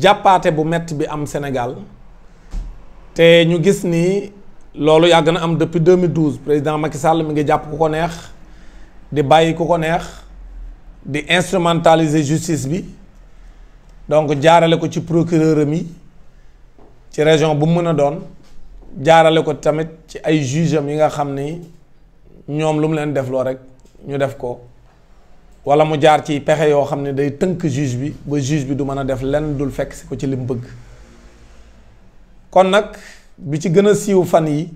jàppaate bu metti bi am Sénégal te ñu gis ni lolu yàgg na am depuis 2012 président Macky Sall mi ngi jàpp ku ko neex di bayyi ko neex di instrumentaliser justice bi donc jaarale ko ci procureur mi ci région bu mëna doon jaarale ko tamit ci ay juge yi nga xamni ñom lu mu leen def lo rek ñu def ko wala mu jaar ci pexe yoo xam ne day tënk juge bi ba juge bi du mën a def lenn dul fekk si ko ci lim bëgg kon nag bi ci gën a siiw fan yi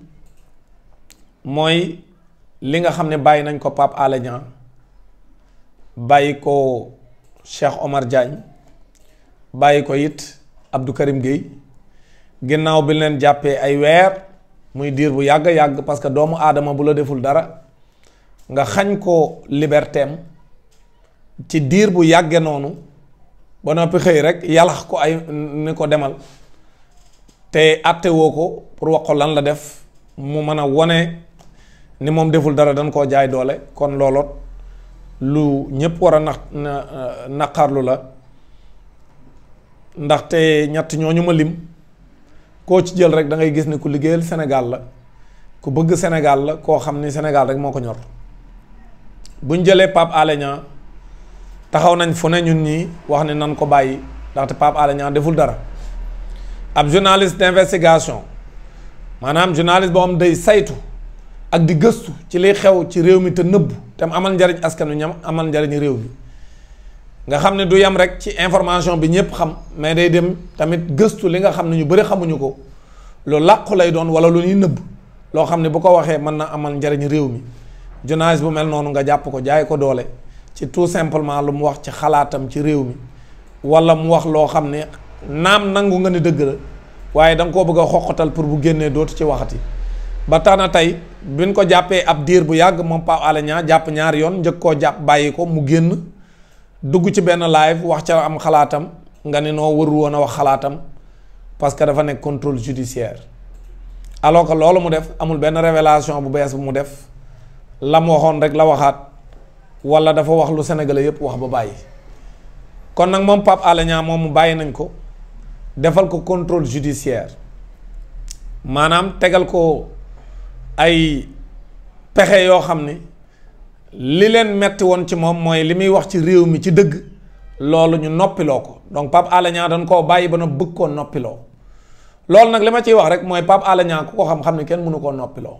mooy li nga xam ne bàyyi nañ ko Pape Alé bàyyi ko Cheikh Omar Diagne bàyyi ko it Abdou Karim Gueye ginnaaw bi leen jàppee ay weer muy diir bu yàgg yàgg parce que doomu aadama bu la deful dara nga xañ ko liberteem ci diir bu yàggee noonu ba noppi xëy rek yalax ko ay ni ko demal te àttewoo ko pour wax ko lan la def mu mën a wone ni moom deful dara dañ koo jaay doole kon looloot lu ñépp war a na naqarlu la ndaxte ñett ñooñu ma lim koo ci jël rek da gis ni ku liggéeyal senegal la ku bëgg senegal la koo xam ni senegal rek moo ko ñor buñ jëlee Pape Alé taxaw nañ fu ne ñun ñi wax ne nan ko bàyyi ndaxte Pape Alé ñaa deful dara ab journaliste d'investigation maanaam journaliste boo xam day saytu ak di gëstu ci liy xew ci réew mi te nëbb te amal njariñ askan wi ñam amal njariñ réew mi nga xam ne du yem rek ci information bi ñëpp xam mais day dem tamit gëstu li nga xam ne ñu bëri xamuñu ko lu làqu lay doon wala lu ñuy nëbb loo xam ne bu ko waxee mën na amal njariñ réew mi journaliste bu mel noonu nga jàpp ko jaay ko doole ci tout simplement lu mu wax ci xalaatam ci réew mi wala mu wax loo xam ne naam nangu nga ne dëgg la waaye danga nga koo bëgg a xoqatal pour bu génnee dootu ci waxati ba tax na tey biñ ko jàppee ab diir bu yàgg moom Pape Alé ñaa jàpp ñaari yoon njëkk koo jàpp bàyyi ko mu génn dugg ci benn live wax ca am xalaatam nga ne noo waru woon a wax xalaatam parce que dafa nekk contrôle judiciaire alors que loolu mu def amul benn révélation bu bees bu mu def la mu rek la waxaat wala dafa wax lu sénégalais yépp wax ba bàyyi kon nag moom Pape Alé moom mu bàyyi nañ ko defal ko contrôle judiciaire maanaam tegal ko ay pexe yoo xam ni li leen metti woon ci moom mooy li muy wax ci réew mi ci dëgg loolu ñu noppiloo ko donc Pape Alé Niang koo bàyyi ba na bëgg koo noppiloo loolu nag li ma ciy wax rek mooy Pape Alé Niang ku ko xam-xam ni kenn mënu koo noppiloo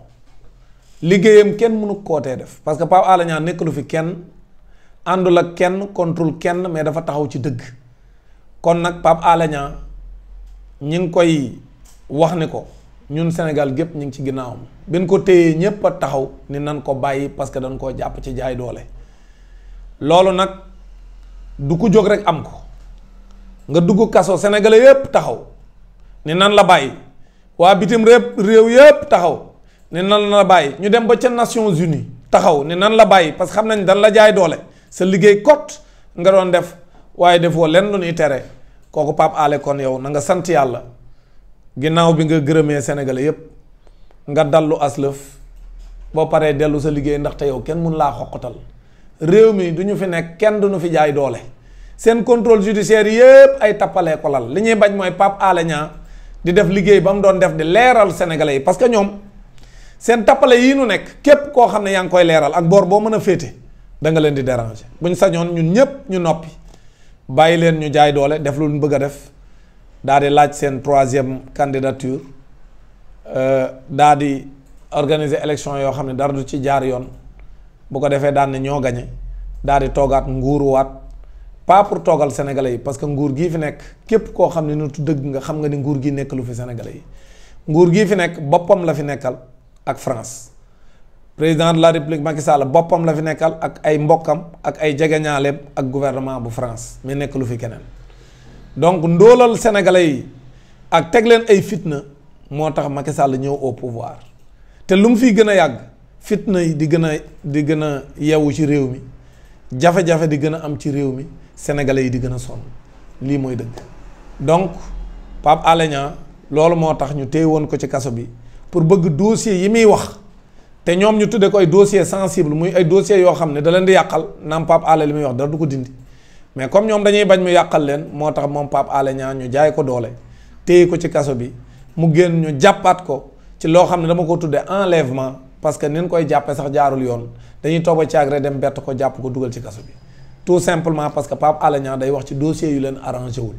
liggéeyam kenn mënu kootee def parce que Pape Alé nekkalu fi kenn àndul ak kenn contrôle kenn mais dafa taxaw ci dëgg kon nag Pape Alé Niang ñi ngi koy wax ni ko ñun senegal gépp ñu ngi ci ginnaawam benn ko téyee ñépp a taxaw ni nan ko bàyyi parce que dañ koo jàpp ci jaay doole loolu nag du jóg rek am ko nga dugg kaso sénégalais yépp taxaw ni nan la bàyyi waa bitim réew réew yépp taxaw ne nan la baye ñu dem ba ci Nations Unies taxaw ne nan la baye parce que xam nañ dan la jaay doole sa liggey kot nga don def waaye defoo len lu ni téré koku pap ale kon yow na nga sant yalla ginnaaw bi nga gërëmee Sénégalais yépp nga dalu aslëf bo paré delu sa liggey ndax tayow kenn mun la xoxotal réew mi duñu fi nek kenn duñu fi jaay doole sen contrôle judiciaire yépp ay tapalé ko lal liñuy bañ moy pap ale nya di def liggey bam don def di leeral Sénégalais parce que ñom seen tappale yii nu nekk képp koo xam ne yaa ngi koy leeral ak boor boo mën a féete da nga leen di déranger buñ sañoon ñun ñëpp ñu noppi bàyyi leen ñu jaay doole def lu ñu bëgg a def daa di laaj seen troisième candidature euh, daa di organiser élection yoo xam ne dara du ci jaar yoon bu ko defee daan ne ñoo gañe daa di toogaat nguuruwaat pas pour toogal sénégalais yi parce que nguur gii fi nekk képp koo xam ne nitu dëgg nga xam nga ni nguur gi nekk lu fi sénégalais yi nguur gii fi nekk boppam la fi nekkal. ak France président de la république Macky Sall bopam la fi nekkal ak ay mbokam ak ay jegeñaaleem ak gouvernement bu France mais nekk lu fi kenen donc ndolal sénégalais yi ak tek len ay fitna motax Macky Sall ñew au pouvoir té lu mu fiy gën a fitna yi di gëna di gëna yew ci réew mi jafé jafé di gëna am ci réew mi sénégalais yi di gëna son li moy donc pap Alé Niang motax ñu téye ko ci kasso bi pour bëgg dossier yi mi wax té ñom ñu tuddé ko ay dossier sensible muy ay dossier yo xamné da leen di yakal nam pap Alé limi wax dara du ko dindi mais comme ñom dañuy bañ mu yakal leen motax mom pap Pape Alé Niang ñu jaay ko doole téye ko ci kasso bi mu génn ñu jappat ko ci lo xamné dama ko tuddé enlèvement parce que nin koy jappé sax jaarul yoon dañuy toba ci rek dem bett ko japp ko duggal ci kasso bi tout simplement parce que pap Alé ñaan day wax ci dossier yu leen arrangé wul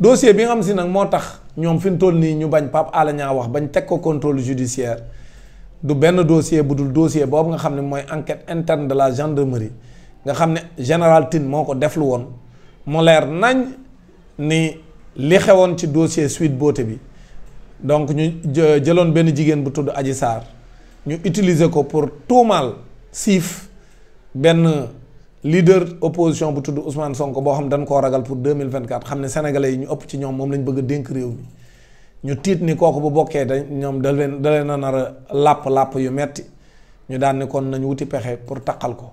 dossier bi nga xam si nag moo tax ñoom fi mu toll nii ñu bañ pap Alé wax bañ teg ko contrôle judiciaire du benn dossier bu dul dossier boobu nga xam ne mooy enquête interne de la gendarmerie nga xam ne général Tine moo ko deflu woon mu leer nañ ni li xewoon ci dossier suite Beauté bi donc ñu jëloon benn jigéen bu tudd aji Sarr ñu utiliser ko pour tuumaal siif benn leader opposition bu tudd Ousmane Sonko boo xam dañ koo ragal pour 2024 xam ne sénégalais yi ñu ëpp ci ñoom moom lañ bëgg a dénk réew mi ñu tiit ni kooku bu bokkee day ñoom da leen da nara làpp làpp yu metti ñu daan ni kon nañ wuti pexe pour taqal ko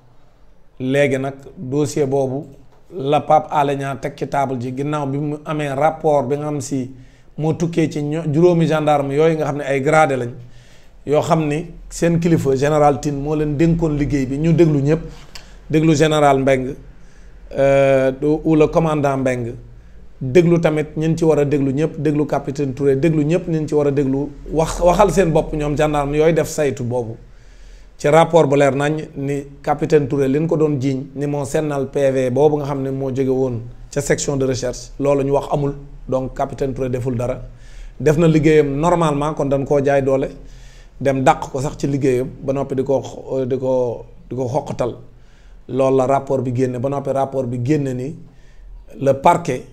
léegi nag dossier boobu la Pape Alé Niang teg ci table ji ginnaaw bi mu amee rapport bi nga xam si moo tukkee ci ño juróomi gendarme yooyu nga xam ne ay gradé lañ yoo xam ni seen kilifa général Tine moo leen dénkoon liggéey bi ñu déglu ñëpp. déglu général Mbeng euh, ou le commandant Mbeng déglu tamit ñun ci war a déglu ñëpp déglu capitaine Touré déglu ñëpp ñun ci war a déglu wax waxal seen bopp ñoom gendarme yooy def saytu boobu ci rapport bu leer nañ ni capitaine toure li ñu ko doon jiiñ ni moo sennal PV boobu nga xam ne moo jóge woon ca section de recherche loolu ñu wax amul donc capitaine Touré deful dara def na liggéeyam normalement kon dañ koo jaay doole dem dàq ko sax ci liggéeyam ba noppi di ko di ko di ko xoqatal loolu la rapport bi génn ba noppi rapport bi génne ni le parquet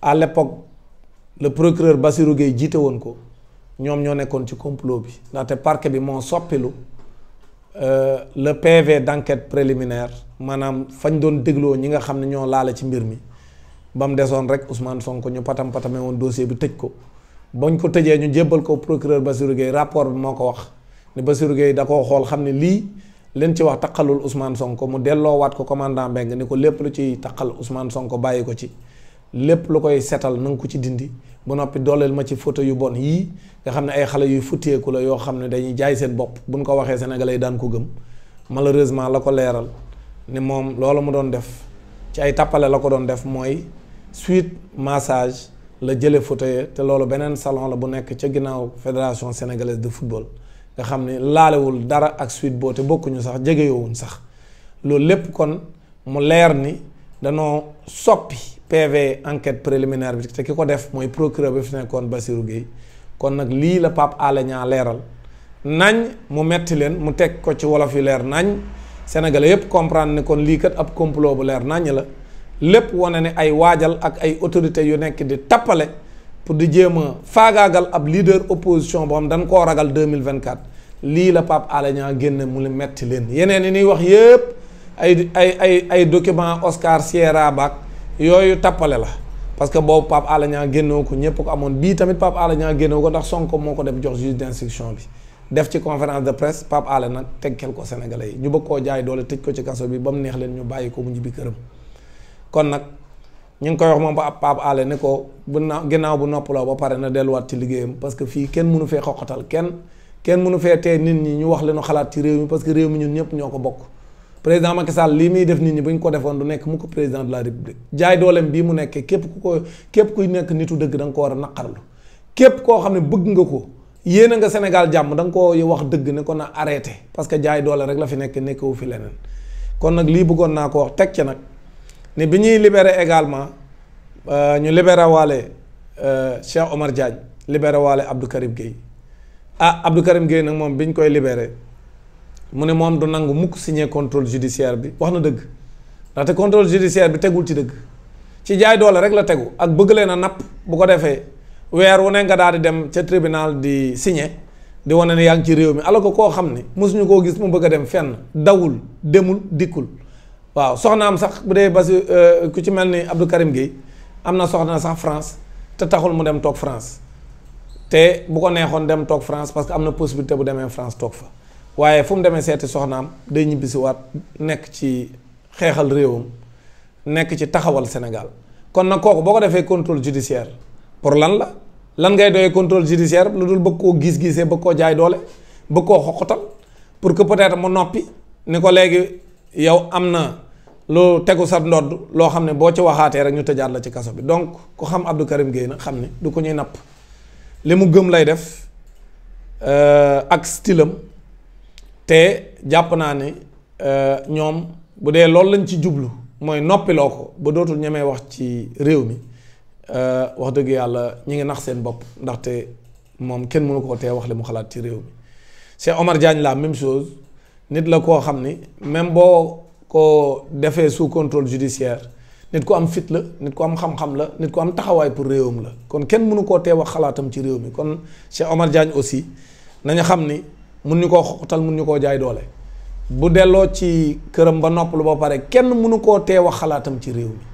à l'époque le procureur Bassirou jiite woon ko ñoom ñoo nekkoon ci complot bi ndaxte parquet bi moo soppilu euh, le PV d'enquête préliminaire maanaam fañ doon dégloo ñi nga xam ne ñoo laale ci mbir mi ba mu desoon rek Ousmane Sonko ñu patam patame woon dossier bi tëj ko bañ ko tëjee ñu jébbal ko procureur Bassirou Gueye rapport bi moo ko wax ne Bassirou da koo xool xam ne lii. leen ci wax taqalul Ousmane Sonko mu delloowaat ko commandant Mbengue ni ko lépp lu ciy taqal Ousmane Sonko bàyyi ko ci lépp lu koy setal na nga ko ci dindi ba noppi dooleel ma ci photo yu bon yii nga xam ne ay xale yuy futteeku la yoo xam ne dañuy jaay seen bopp buñ ko waxee sénégalais daan ko gëm malheureusement la ko leeral ni moom loolu mu doon def ci ay tappale la ko doon def mooy suite massage la jële photo te loolu beneen salon la bu nekk ca ginnaaw fédération sénégalaise de football nga xam ne laalewul dara ak Sweet Beauté bokkuñu sax jegeyowuñ sax loolu lépp kon mu leer ni danoo soppi PV enquête préliminaire bi te ki ko def mooy procureur bi fi nekkoon Bassirou Guèye kon nag lii la Pape Alé Niang leeral nañ mu metti leen mu teg ko ci wolof yu leer nañ sénégalais yépp comprendre ne kon lii kat ab complot bu leer nañ la lépp wane ne ay waajal ak ay autorités yu nekk di tappale pour di jéem a faagaagal ab leader opposition boo xam dañ koo ragal deux mille vingt quatre lii la Pape Alé Niang génn mu metti leen yeneen yi nuy wax yépp ay ay ay ay document Oscar Sierra baak yooyu tappale la parce que boobu Pape Alé Niang génnoo ko ñépp ko amoon bii tamit Pape Alé Niang génnoo ko ndax Sonko moo ko def jox juge d'instruction bi def ci conférence de presse Pape Alé nag tegkel ko Sénégalais yi ñu bëgg koo jaay doole tëj ko ci kaso bi ba mu neex leen ñu bàyyi ko mu ñibbi këram kon ñu ngi koy wax moom ba Pape Alé ne ko bu na ginnaaw bu noppaloo ba pare na delluwaat ci liggéeyam parce que fii kenn mënu fee xoqatal kenn kenn mënu fee tee nit ñi ñu wax leenu xalaat ci réew mi parce que réew mi ñun ñëpp ñoo ko bokk président ma Sall lii muy def nit ñi bu ñu ko defoon du nekk mu ko président de la république jaay dooleem bii mu nekkee képp ku ko képp ku nekk nitu dëgg da ko war a naqarlu képp koo xam ne bëgg nga ko yéen a nga Sénégal jàmm da ko wax dëgg ne ko na arrêté parce que jaay doole rek la fi nekk nekkewu fi leneen kon nag lii bëggoon naa ko wax teg ca nag ni bi ñuy libéré également euh, ñu libéré waale euh, Cheikh Omar Diagne libéré waale Abdou Karim Gueye a ah, Abdou Karim Gueye nag moom bi ñu koy libéré mu ne moom du nangu mukk signé contrôle judiciaire bi wax na dëgg ndaxte contrôle judiciaire bi tegul ci dëgg ci jaay doole rek la tegu ak bëgg leen a napp bu ko defee weer wu ne nga daal di dem ca tribunal di signé di wane ne yaa ci réew mi alors que koo xam ne mosuñu koo gis mu bëgg a dem fenn dawul demul dikkul waaw soxnaam sax bu dee basi euh, ku ci mel ni Abdou Karim Gueye am na soxna sax France te taxul mu dem toog France te bu ko neexoon dem toog France parce que am na possibilité bu demee France toog fa waaye fu mu demee seeti soxnaam day ñibbisiwaat nekk ci xeexal réewam nekk ci taxawal Sénégal kon nag kooku boo ko defee contrôle judiciaire pour lan la lan ngay doyee contrôle judiciaire lu dul bëgg koo gis-gisee bëgg koo jaay doole bëgg koo xoqatal pour que peut-être mu noppi ni ko léegi. yow am na lu tegu sa ndodd loo xam ne boo ci waxaatee rek ñu tëjaat la ci kaso bi donc ku xam Abdou Karim Gueye nag xam ne du ko ñuy napp li mu gëm lay def euh, ak stylam te jàpp naa ne euh, ñoom bu dee loolu lañ ci jublu mooy noppiloo ko ba dootul ñemee wax ci réew mi euh, wax dëgg yàlla ñu ngi nax seen bopp ndaxte moom kenn munu koo tee wax li mu xalaat ci réew mi Cheikh Omar Diagne la même chose nit la koo xam ni même boo ko defee sous contrôle judiciaire nit ko am fit la nit ku am xam-xam la nit ku am taxawaay pour réewam la kon kenn mënu koo tee wax xalaatam ci réew mi kon Cheikh Omar Diagne aussi nañu xam ni mun ñu koo xoxotal mun ñu koo jaay doole bu delloo ci këram ba nopp lu ba pare kenn mënu koo tee wax xalaatam ci réew mi